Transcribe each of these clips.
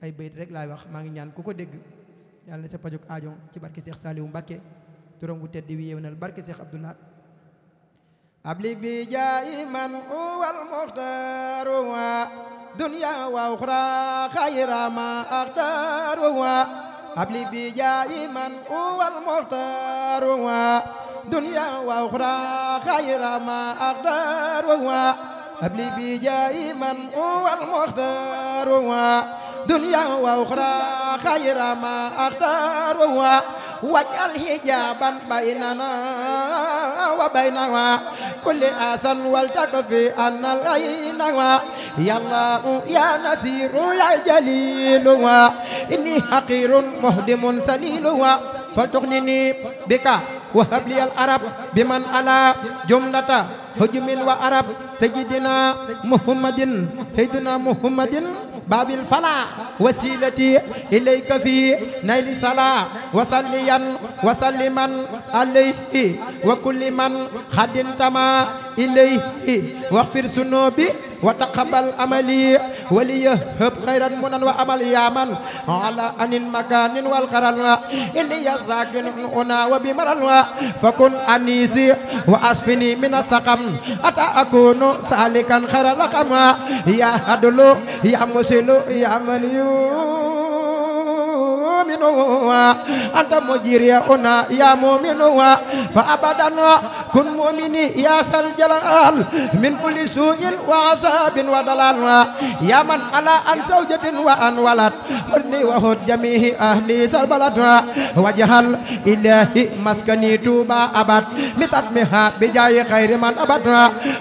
ay bayt rek laay wax maa ngi ñaan ku ko dégg yàlla sa pajug aajo ci barke Cheikh Saliou Mbacké turam bu tedd wi yeewnal barke Cheikh Abdou Lahad abli bi jaayi man huwal wa dunya wa uxra xayra ma axtaaru wa wa dunya wa uxra xayra ma axtaaru wa wa دنيا وأخرى خير ما أختارها واجعل حجابا بيننا وبينها كل آسا والتكفي أن العين يا الله يا نسير يا جليل إني حقير مهدم سليل فلتغنني بك وهب لي العرب بمن على جملة هجم وعرب سيدنا محمد سيدنا محمد باب الفلا وسيلتي إليك في نيل صلاة وصليا وسلما عليه وكل من خدمتما إليه واغفر ذنوبي وتقبل عملي ولي هب خيرا منا وعمل يامن على أن مكان والخرل إني ذاكن أنا وبمرل فكن أنيسي وأشفني من السقم أتى أكون سالكا خير لقما يا هدلو يا مسلو يا منيو مؤمن أنت مجيرينا يا مؤمن فأبدا كن مؤمني يا سر الجلال من كل سوء وعذاب وضلال يا من على أن زوجة وأن ولد مني وهد جميع أهلي البلد وجهل إلهي مسكني توبا أبد متتمها بجاي خير من أبد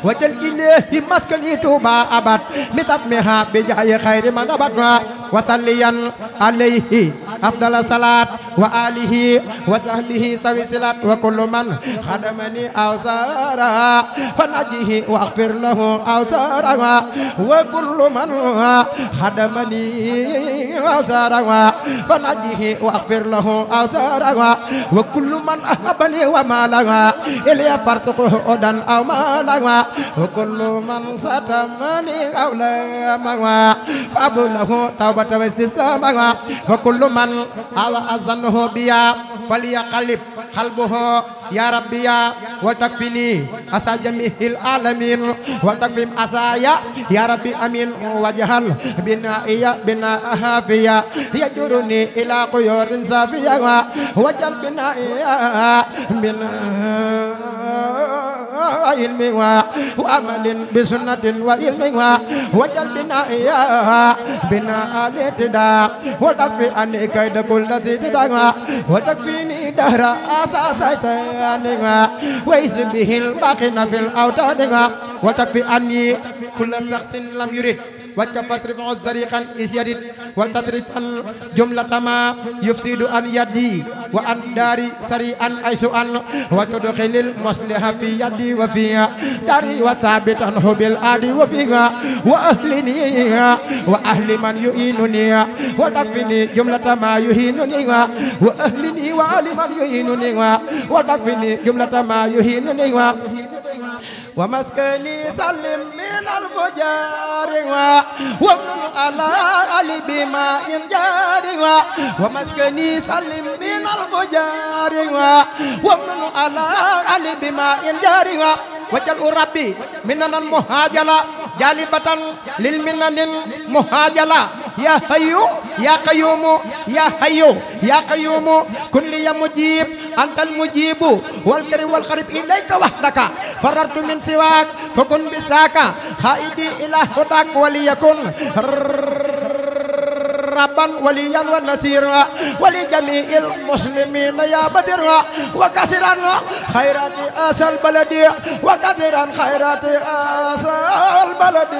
وجل إلهي مسكني توبا أبد متتمها بجاي خير من أبد وصليا عليه afdala salaat وآله وسهله سوي سلات وكل من خدمني أو سارا فنجيه واغفر له أو سارا وكل من خدمني أو سارا فنجيه واغفر له أو سارا وكل من أحبني ومالا إلي فرتقه أدا أو مالا وكل من ختمني أو لما فأبو له توبة واستسلاما فكل من على أذنه فهو بيا فليقلب قلبه يا ربي يا وتكفني أسى جميع العالمين وتكفم أسايا يا ربي أمين وجهل بنائيا بناءها فيا يجرني إلى قيور صافية وجل بنائيا بناء وعلم وعمل بسنة وعلم وجل بنا إياها بنا الاعتداء وتكفي عني كيد كل ذي تدعى وتكفيني دهر أساس شيطان ويس به الباقين في الأوطان وتكفي عني كل شخص لم يرد وجب فترفع الزريقا إذ يرد ولتترف الجملة ما يفسد أن يدي وأن داري سريعا حيث أن وتدخل المصلحة في يدي وفيها داري وثابتا هو بالآدي وفيها وأهلني وأهل من يؤينني ودفني جملة ما يهينني وأهلني وأهل من يهينني ودفني جملة ما يهينني ومسكني سلم مجارها ومن على علي بما ينجارها ومسكني سلم من الفجارها ومن على علي بما ينجارها وجل ربي مننا المهاجلة جالبة للمنن المهاجلة يا حي يا قيوم يا حي يا قيوم كن لي مجيب أنت المجيب والكريم والقريب إليك وحدك فررت من سواك فكن بساك xaidi ilah kodak waliyakun ربا وليا ونسيرا ولجميع المسلمين يا بدر وكثيرا خيرات آسى البلد وكثيرا خيرات آسى البلد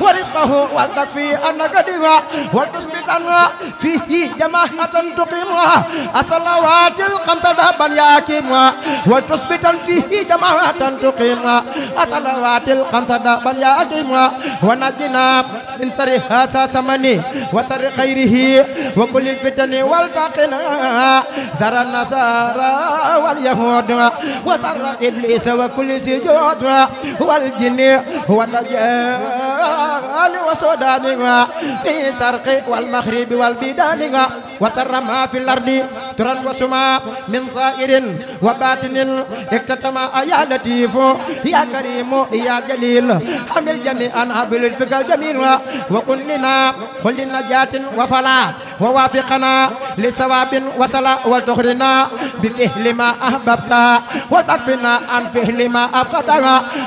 ورزقه والتكفي أنك دماء وتثبتنا فيه جماعة تقيمها الصلوات الخمس دابا يا كيما وتثبت فيه جماعة تقيمها الصلوات الخمس دابا يا كيما ونجنا من سر هذا ثمني وسر خيره وكل الفتن والباقنا زر النصارى واليهود وسر إبليس وكل سجود والجن والدجال وسودان في سرق والمغرب والبدان وسر ما في الأرض ترا وسما من ظاهر وباطن اكتتم يا لطيف يا كريم يا جليل حمل جميعا بالفكر الجميل وكن لنا كل نجاة وفلاح ووافقنا لثواب وصلا وتخرنا بفعل ما أحببت وتكفنا عن فعل ما أبغضت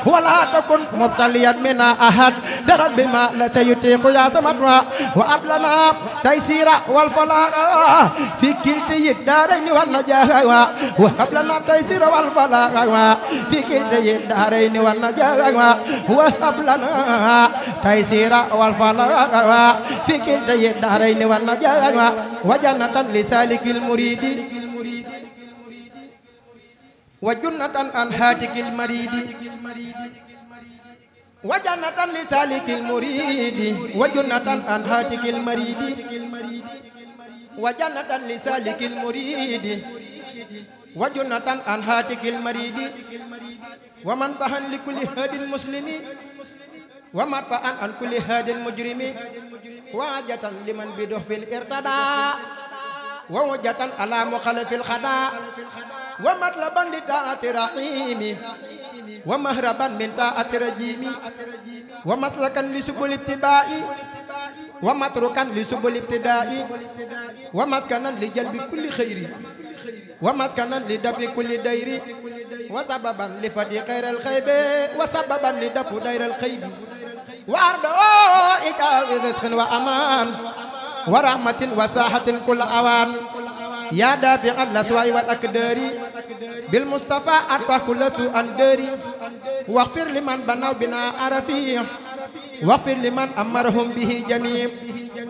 ولا تكن مبتليا من أحد درب بما لا يطيق يا سمدنا وأبلنا تيسير والفلاح في كلتي الدارين والنجاح وأبلنا تيسير والفلاح في كلتي الدارين والنجاح وأبلنا تيسير والفلاح في كلتي الدارين والنجاح وجنة لسالك المريد وجنة عن هاتك المريد وجنة لسالك المريد وجنة عن هاتك المريد وجنة لسالك المريد وجنة عن هاتك المريد ومن بهن لكل هاد مسلم ومرفعا عن كل هاد مجرم waajatan liman bi dox fin irtadaa wawjatan ala muxalafil xadaa wa matlaban li taati raxiimi wa mahraban min taati rajiimi wa matlakan li subul ibtidaa'i wa matrukan li subul ibtidaa'i wa maskanan li jalbi kulli xayri wa maskanan li dafi kulli dayri wa sababan li fadi xayral xaybe wa sababan li dafu dayral xaybi وارض إجاب رزق وأمان ورحمة وساحة كل أوان يا دافع الأسواء والأكدار بالمصطفى أرفع كل سوء داري واغفر لمن بنوا بنا عرفي واغفر لمن أمرهم به جميع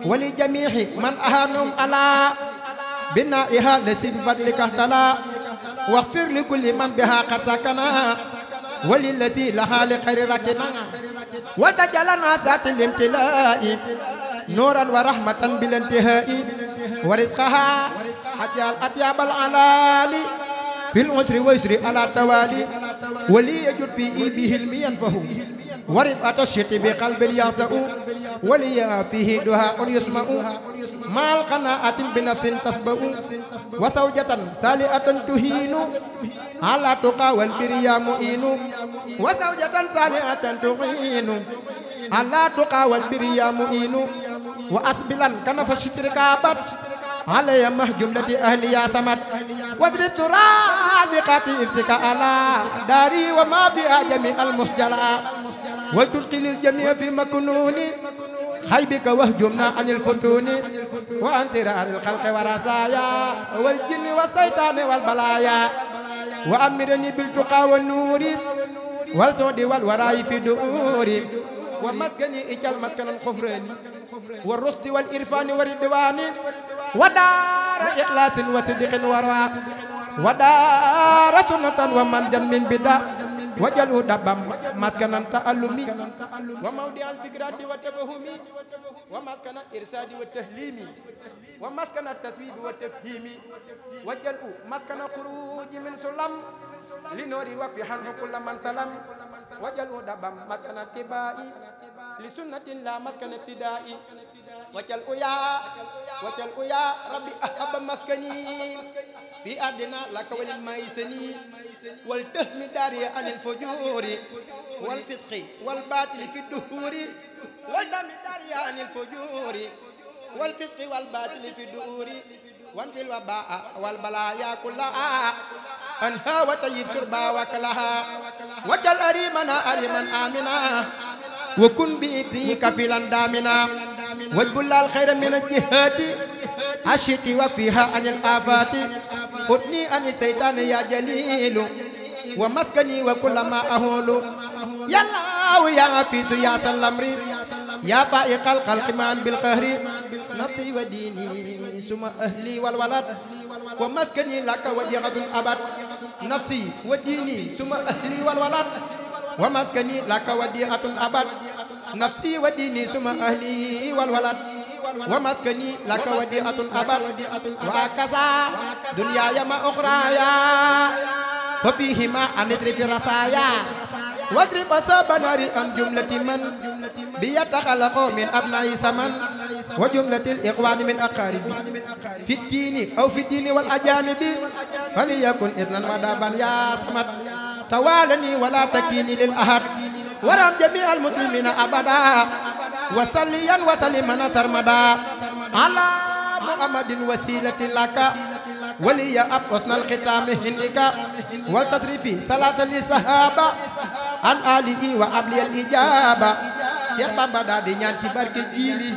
ولجميع من أهانهم على بنائها التي بفضلك اهتلى واغفر لكل من بها قد سكنا وللتي لها لخير ركنا وتجعلنا ذات الامتلاء نورا ورحمة بالانتهاء ورزقها حتى الأطياب العلالي في العسر ويسر على التوالي ولي يجد في به المينفه ورفعة الشتي بقلب يعصأ ولي فيه دهاء يسمأ maal qanaatin bi nafsin tasba'u wa zawjatan saaliatan tuhiinu ala tuqaa wal birya mu'iinu wa zawjatan saaliatan tuhiinu ala tuqaa wal birya mu'iinu wa asbilan kanafa shitrika bat علي مه جملة أهلي يا سمد وادري ترابقات إفتك على داري وما بها جميع المسجلة ولتلقي للجميع في مكنوني xay bi ka wax jumna anil futuni wa antira anil xalqi wa rasaya wal jinni wa saytaani wal balaya wa amirani bil tuqa wa nuuri wal tudi wal waraayi fi duuri wa maskani ical maskanan xufrani wa rusdi wal irfani wa ridwani wa daara ixlaasin wa siddiqin wa raa wa daara sunnatan wa man jam min bida وجلوا دبم مسكنا تعلمي وموضع الفكرات والتفهم ومسكن الإرشاد والتهليم ومسكن التسويب والتفهيم وجلوا مسكن خروج من سلم لنوري وفي حنه كل من سلم وجلوا دبم مسكن اتباعي لسنة لا مسكن ابتدائي وجلوا يا وجلوا يا ربي أحب مسكني في أرضنا لك وللميسني والتهم داري عن الفجور والفسق والباطل في الدهور والتهم داري عن الفجور والفسق والباطل في الدهور وانفي الوباء والبلايا كلها أنها وطيب شربا وكلها وجل أريمنا أريما آمنا وكن بإثنيك فيلا دامنا واجبل الخير من الجهات عشتي وفيها عن الآفات xutni ani seytaane yaa jaliilu wa maskani wa kulla ma ahoolu yallaahu yaa afiisu yaa salamri yaa faa'iqal xalqi maan bil qahri nafsi wa diini suma ahli wal walad wa maskani laka wa jeexatul abad nafsi wa diini suma ahli wal walad wa maskani laka wa jeexatul abad nafsi wa diini suma ahli wal walad wa maskani laka wadi'atun abad wa kasa dunyaya ma ukhraya fa fihima anidri fi rasaya واضرب صوبا ناري عن جملة من بيتخلق من أبناء سمن وجملة الإخوان من أقارب في الدين أو في الدين والأجانب فليكن إذنا مدابا يا صمد توالني ولا تكيني للأحد ورم جميع المسلمين أبدا وسليا وسلما سرمدا على محمد وسيلة لك ولي أب حسن الختام هندك والتطريف صلاة للصحابة عن آله وأبلي الإجابة Seex Bamba daal di ñaan ci barke jiili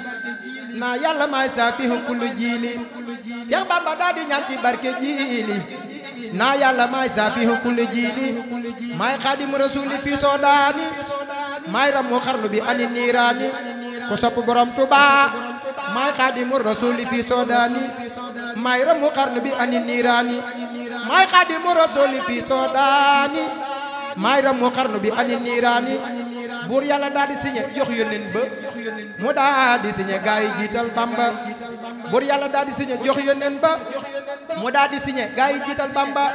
naa yàlla maay saafihum kullu jiili Seex Bamba daal ñaan ci barke jiili naa yàlla maay saafihum kullu jiili maay xaadimu rasuuli fi soodaani maay ramu xarnu bi ani niiraani ku sopp borom Tuubaa maay xaadimu rasuuli fi soodaani maay ramu xarnu bi ani niiraani maay xaadimu rasuuli fi soodaani maay ramu xarnu bi ani niiraani buur yàlla daal di signé jox yónneen ba mu daal di signé gaay yi jiital bamba buur yàlla daal di signé jox yónneen ba mu daal di signé gaay yi jiital bamba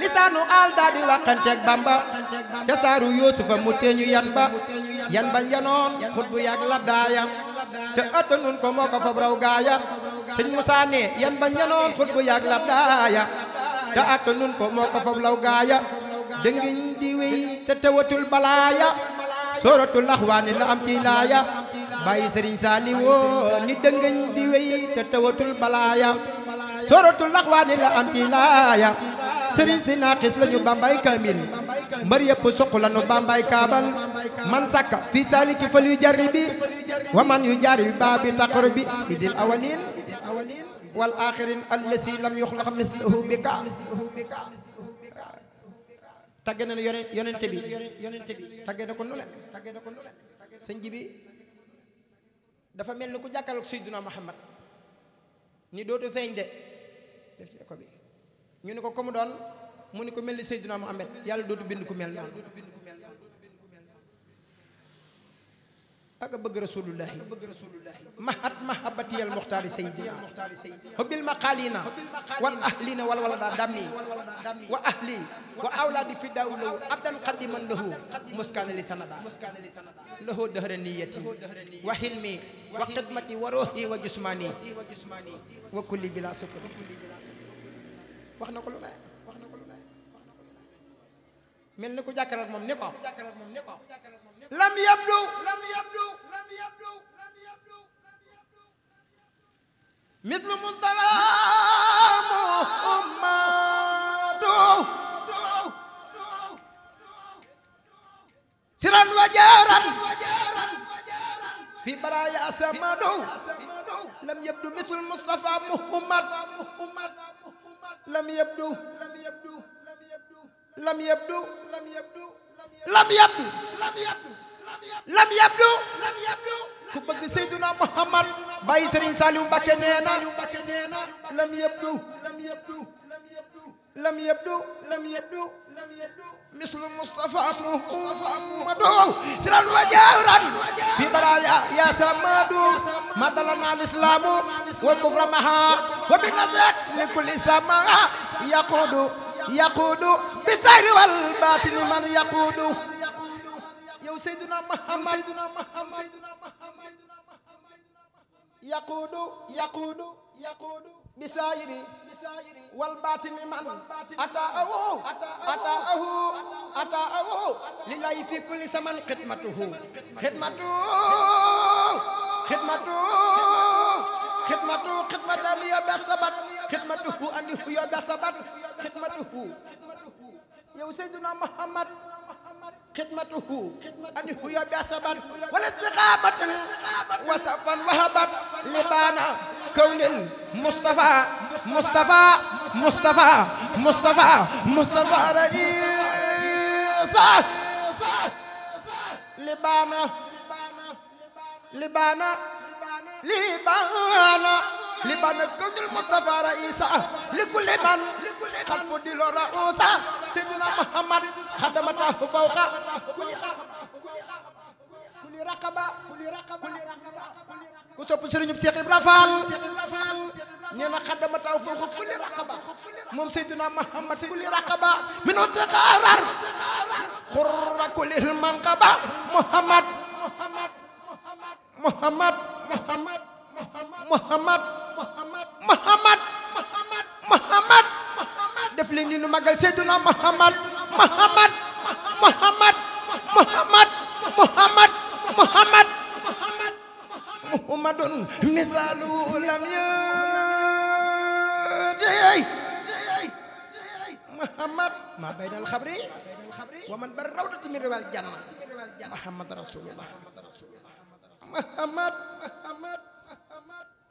lisaanu aal daal di waxanteeg bamba ca saaru yoosufa mu teeñu yan ba yan bañ yanoon xut bu yàgg la daaya te attanun ko moo ko fab raw gaaya sëñ Moussa ne yan bañ yanoon xut bu yàgg la daaya te attanun ko moo ko fab law gaaya dëngiñ di wéy te tewatul balaaya sooratul axwaani la am ci laaya bàyyi sëriñ saali woo ni dëngiñ di wéy te tewatul balaaya sooratul axwaani la am ci laaya sëriñ si naaqis lañu bambay kamil mbër yëpp suq lañu bambay kaabal man sakka fi saliki fal yu jari bi wa man yu jari bi baa bi taqar bi idil awalin wal axirin allasi lam yuxlaq mislahu bika tagg na yonente bi yonente bi tagge na ko nu ne tagge na ko nu sa sëñ ji dafa mel ni ku jàkkaarloog Seydina Muhammad ni dootu feeñ de ci écho bi ñu ne ko comme doon mu ne ko mel ni Seydina Muhammad yàlla dootu bind ku mel noonu ak bëgg rasulullahi mahat mahabatiyal muxtaari sayyidina hubbil maqaalina wal ahlina wal walada dammi wa ahli wa awlaadi fidaawu lahu abdan qadiman lahu muskaana li sanada lahu dahra niyati wa hilmi wa xidmati wa ruuhi wa jismani wa kulli bila sukri wax na ko lu lay mel ni ku jàkkaral moom ni ko lam yabdu lam yabdu lam yabdu lam yabdu mithlu Mustafa Muhammadu siran wa jaran fi baraya asamadu lam yabdu mithlu Mustafa Muhammad lam yabdu lam yabdu lam yabdu lam yabdu lam yabdu lam yabdu lam yabdu lam yabdu ku bëgg Seydina Muhammad bàyyi Serigne Saliou Mbacké nee na lam yabdu lam yabdu lam yabdu lam yabdu lam yabdu mislu Mustafa Muhammadu siran wa jawran fi baraya ya samadu madalana al-islamu wal kufra maha wa bi nazak li kulli sama yaqudu yaqudu bi sayri wal baatini man yaquudu yow Seydina Muhammad Seydina Muhammad yaquudu yaquudu yaquudu bi sayri wal baatini man ataahu ataahu ataahu lillahi fi kulli zaman xidmatuhu xidmatuhu خدمته خدمته خدمة أن يبقى ثبت خدمته أن يبقى ثبت خدمته yow seyduna muhammad xidmatuhu an huya bi asabat wala istiqamatan wasafan wahabat libaana kawnin mustafa mustafa mustafa mustafa mustafa raisa libaana libaana libaana li ban kañul Mustafa Raisa li kulli man xalfu di lo rausa Seydina Muhammad xadamata raqaba kuli raqaba ku sopp sëriñub Cheikh Ibra Fall nee na xadamata fawqa kuli raqaba moom Seydina Muhammad kuli raqaba min utaqarar xurra kuli manqaba Muhammad Muhammad Muhammad Muhammad Muhammad Muhammad Muhammad Muhammad def leen ni nu magal Seydina Muhammad Muhammad Muhammad Muhammad Muhammad Muhammad Muhammadun misaalu lam yëy Muhammad maa bayna al-xabri wa man bar rawdati min riwaal janna Muhammad rasulullah Muhammad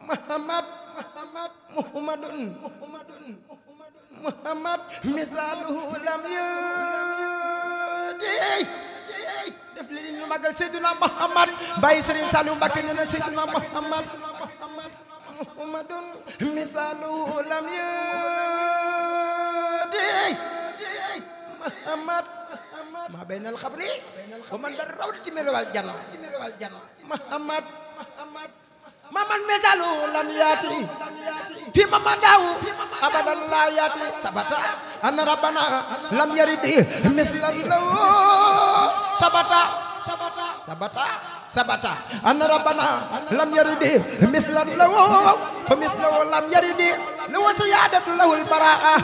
muhammad muhammad muhammadun muhammadun muhammad misaaluhu lam yudi def leen ñu magal seyduna muhammad bàyyi sëriñ Saliou Mbacke nee na seyduna muhammad muhammadun misaaluhu lam yudi muhammad ma bayna al xabri wa man dara rawdati melowal janna melowal janna muhammad muhammad maman mejalu lam yaati fi mama daw abadan la yaati sabata an rabbana lam yaridi mislahu sabata sabata sabata sabata an rabbana lam yaridi mislahu fa mislahu lam yaridi لوسيادة له البراءة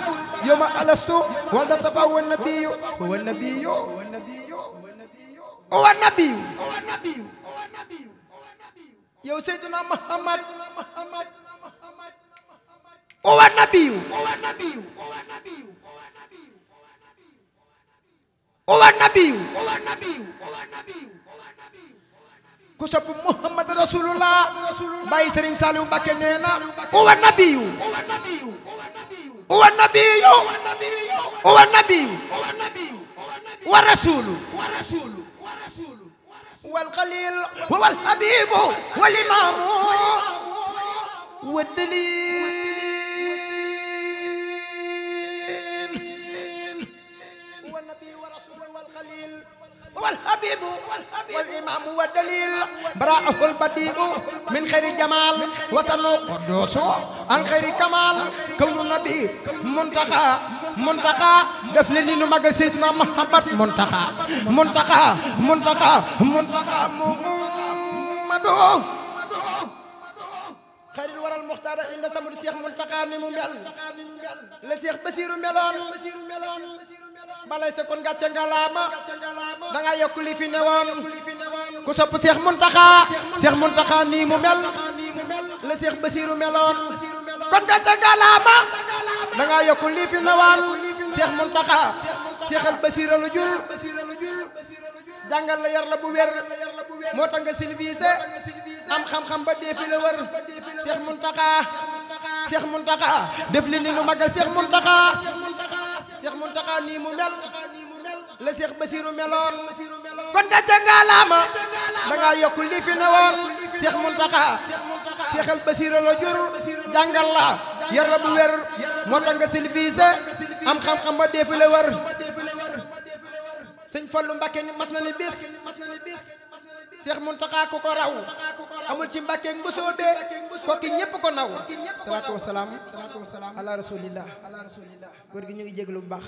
يوم ألست ولد صفا هو النبي هو النبي هو النبي هو النبي هو النبي yow Seydina Muhammad huwa nabiyu huwa nabiyu ku sopp Muhammad rasulullah bàyyi Serigne Saliou Mbacké nee na huwa nabiyu huwa nabiyu huwa nabiyu wa rasulu هو القليل هو الحبيب والإمام والدليل هو النبي ورسول والخليل هو الحبيب والإمام والدليل براءه البديع من خير جمال وطن قدوس عن خير كمال كون النبي منتخب muntaxa def leen ni nu magal Seydina Muhammad muntaxa muntaxa muntaxa muntaxa Muhammadu xarit waral muxtaara inda samadu seex muntaxa ni mu mel la seex basiiru meloon balay sa kon gàcce ngalaama da nga yokk li fi newoon ku sopp seex muntaxa seex muntaxa nii mu mel la seex basiiru meloon kon gàcce ngalaama da ngaa yokk lii fi nawaan Seex Muntaxa Seexal Basiira lu jur jàngal la yar la bu wér moo tax nga silvisé am xam-xam ba dee fi la wër Seex Muntaxa Seex Muntaxa def li ni lu magal Seex Muntaxa Seex Muntaxa nii mu mel la Seex Basiiru meloon kon da nga laama da yokk lii fi newoon Seex Muntaxa Seexal Basiira la jur jàngal la yar la bu wér moo tax nga silvise am xam-xam ba deefu la war sëñ Fallu Mbàkke mat na ni bis Seex Muntaxa ko ko raw amul ci Mbàkke mbusoobe kokki ñépp ko naw salaatu wasalaam ala rasulillah góor gi ñu ngi jéglu bu baax